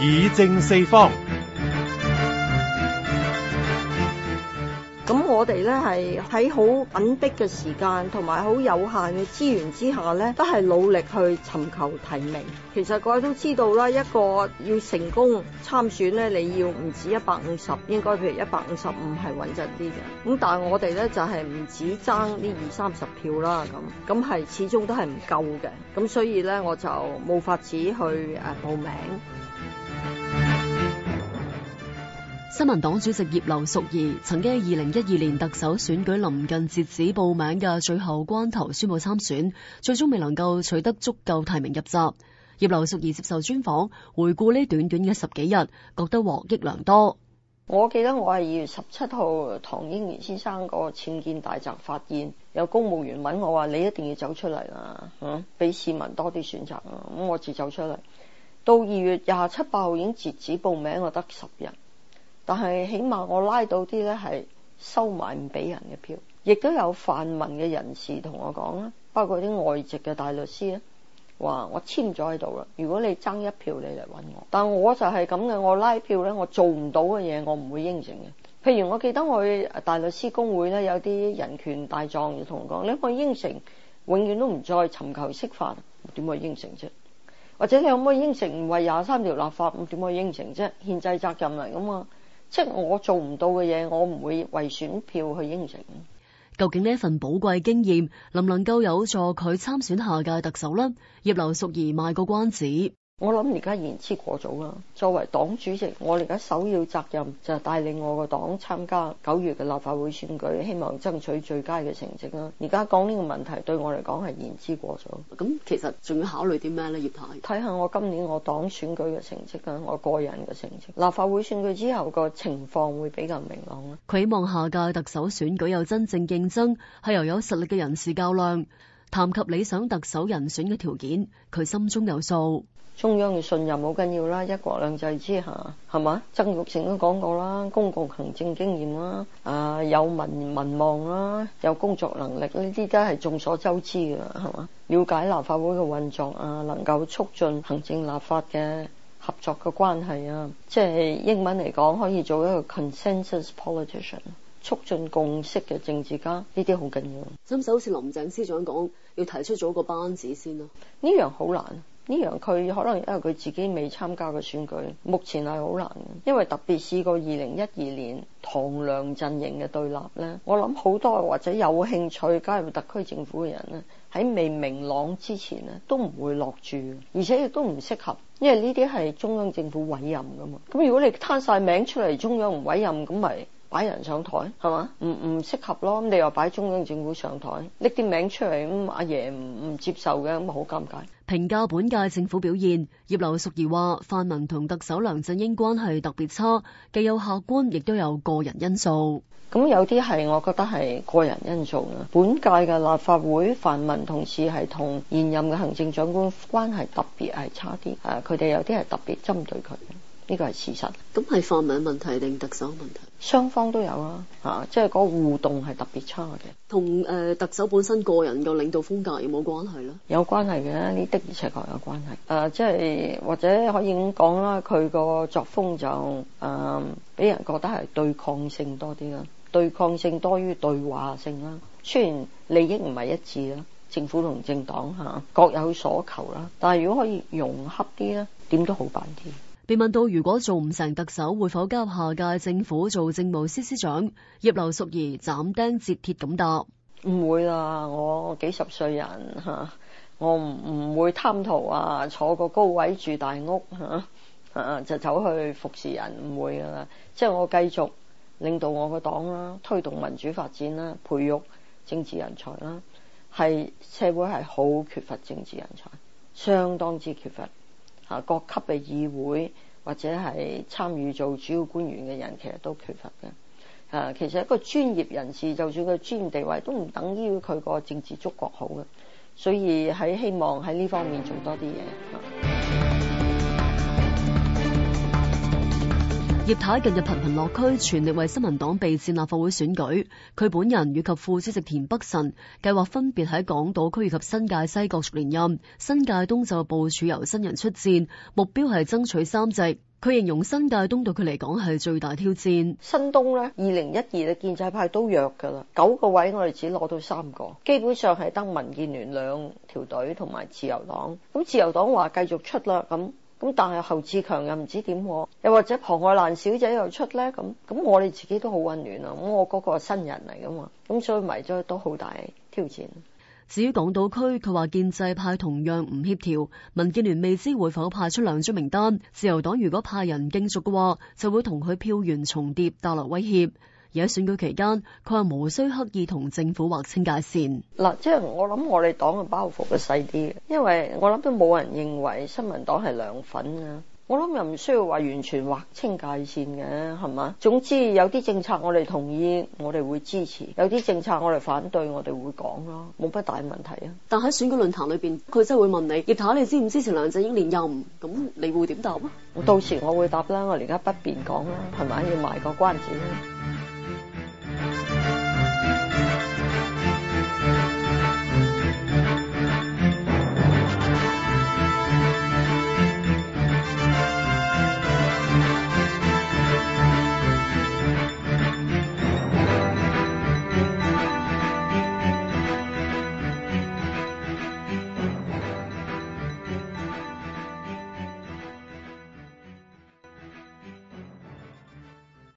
議政四方。咁我哋咧係喺好緊迫嘅時間，同埋好有限嘅資源之下咧，都係努力去尋求提名。其實各位都知道啦，一個要成功參選咧，你要唔止一百五十，應該譬如一百五十五係穩陣啲嘅。咁但係我哋咧就係、是、唔止爭呢二三十票啦，咁咁係始終都係唔夠嘅。咁所以咧，我就冇法子去誒報名。新民黨主席葉劉淑儀曾經喺二零一二年特首選舉臨近截止報名嘅最後關頭宣布參選，最終未能夠取得足夠提名入閘。葉劉淑儀接受專訪回顧呢短短嘅十幾日，覺得獲益良多。我記得我係二月十七號唐英年先生個僭建大宅發現，有公務員問我話：你一定要走出嚟啦，俾、嗯、市民多啲選擇。咁我自走出嚟到二月廿七八號已經截止報名，我得十日。但係，起碼我拉到啲咧係收埋唔俾人嘅票，亦都有泛民嘅人士同我講啦，包括啲外籍嘅大律師咧，話我簽咗喺度啦。如果你爭一票，你嚟揾我。但我就係咁嘅，我拉票咧，我做唔到嘅嘢，我唔會應承嘅。譬如我記得我去大律師公會咧，有啲人權大狀要同我講，你可以應承永遠都唔再尋求釋法？點話應承啫？或者你可唔可以應承唔為廿三條立法？咁點話應承啫？憲制責任嚟噶嘛？即係我做唔到嘅嘢，我唔會為選票去應承。究竟呢一份寶貴經驗，能唔能夠有助佢參選下屆特首呢？葉劉淑儀賣個關子。我諗而家言之過早啦。作為黨主席，我而家首要責任就係帶領我個黨參加九月嘅立法會選舉，希望爭取最佳嘅成績啦。而家講呢個問題，對我嚟講係言之過早。咁其實仲要考慮啲咩咧？葉太，睇下我今年我黨選舉嘅成績啊。我個人嘅成績。立法會選舉之後個情況會比較明朗啦。佢望下屆特首選舉有真正競爭，係由有實力嘅人士較量。談及理想特首人選嘅條件，佢心中有數。中央嘅信任好緊要啦，一國兩制之下，係嘛？曾玉成都講過啦，公共行政經驗啦，啊有民民望啦，有工作能力呢啲都係眾所周知噶啦，係嘛？了解立法會嘅運作啊，能夠促進行政立法嘅合作嘅關係啊，即係英文嚟講，可以做一個 consensus politician。促進共識嘅政治家，呢啲好緊要。咁所以好似林鄭司長講，要提出咗個班子先咯。呢樣好難，呢樣佢可能因為佢自己未參加過選舉，目前係好難。因為特別試過二零一二年唐梁陣營嘅對立呢，我諗好多或者有興趣加入特區政府嘅人呢，喺未明朗之前呢都唔會落住，而且亦都唔適合，因為呢啲係中央政府委任噶嘛。咁如果你攤晒名出嚟，中央唔委任，咁咪？擺人上台係嘛？唔唔適合咯。咁你又擺中央政府上台，搦啲名出嚟，咁阿爺唔唔接受嘅，咁啊好尷尬。評價本屆政府表現，葉劉淑儀話：泛民同特首梁振英關係特別差，既有客觀，亦都有個人因素。咁有啲係我覺得係個人因素啊。本屆嘅立法會泛民同事係同現任嘅行政長官關係特別係差啲，誒，佢哋有啲係特別針對佢。呢個係事實，咁係泛民嘅問題定特首問題？雙方都有啦、啊，嚇、啊，即係嗰個互動係特別差嘅。同誒、呃、特首本身個人嘅領導風格有冇關係咧？有關係嘅，呢啲的而且確有關係。誒、呃，即係或者可以咁講啦，佢個作風就誒俾、呃、人覺得係對抗性多啲啦，對抗性多於對話性啦。雖然利益唔係一致啦，政府同政黨嚇、啊、各有所求啦，但係如果可以融洽啲咧，點都好辦啲。被問到如果做唔成特首，會否交下屆政府做政務司司長？葉劉淑儀斬釘截鐵咁答：唔會啊！我幾十歲人嚇，我唔唔會貪圖啊坐個高位住大屋嚇就走去服侍人唔會噶啦！即係我繼續領導我個黨啦，推動民主發展啦，培育政治人才啦，係社會係好缺乏政治人才，相當之缺乏。啊，各級嘅議會或者係參與做主要官員嘅人，其實都缺乏嘅。啊，其實一個專業人士，就算佢專業地位都唔等於佢個政治觸角好嘅，所以喺希望喺呢方面做多啲嘢。啊葉太近日頻頻落區，全力為新民黨備戰立法會選舉。佢本人以及副主席田北辰計劃分別喺港島區及新界西角逐連任，新界東就部署由新人出戰，目標係爭取三席。佢形容新界東對佢嚟講係最大挑戰。新東咧，二零一二嘅建制派都弱噶啦，九個位我哋只攞到三個，基本上係得民建聯兩條隊同埋自由黨。咁自由黨話繼續出啦，咁。咁但係侯志強又唔知點，又或者龐愛蘭小姐又出咧咁，咁我哋自己都好混亂啊！咁我嗰個新人嚟噶嘛，咁所以嚟咗都好大挑戰。至於港島區，佢話建制派同樣唔協調，民建聯未知會否派出兩張名單，自由黨如果派人競逐嘅話，就會同佢票源重疊，帶來威脅。而喺選舉期間，佢話無需刻意同政府劃清界線。嗱，即係我諗我哋黨嘅包袱會細啲，因為我諗都冇人認為新民黨係梁粉啊。我諗又唔需要話完全劃清界線嘅，係嘛？總之有啲政策我哋同意，我哋會支持；有啲政策我哋反對，我哋會講咯，冇乜大問題啊。但喺選舉論壇裏邊，佢真係會問你葉太，你支唔支持梁振英連任？咁你會點答嗎？我到時我會答啦，我而家不便講啦，係咪？要埋個關子。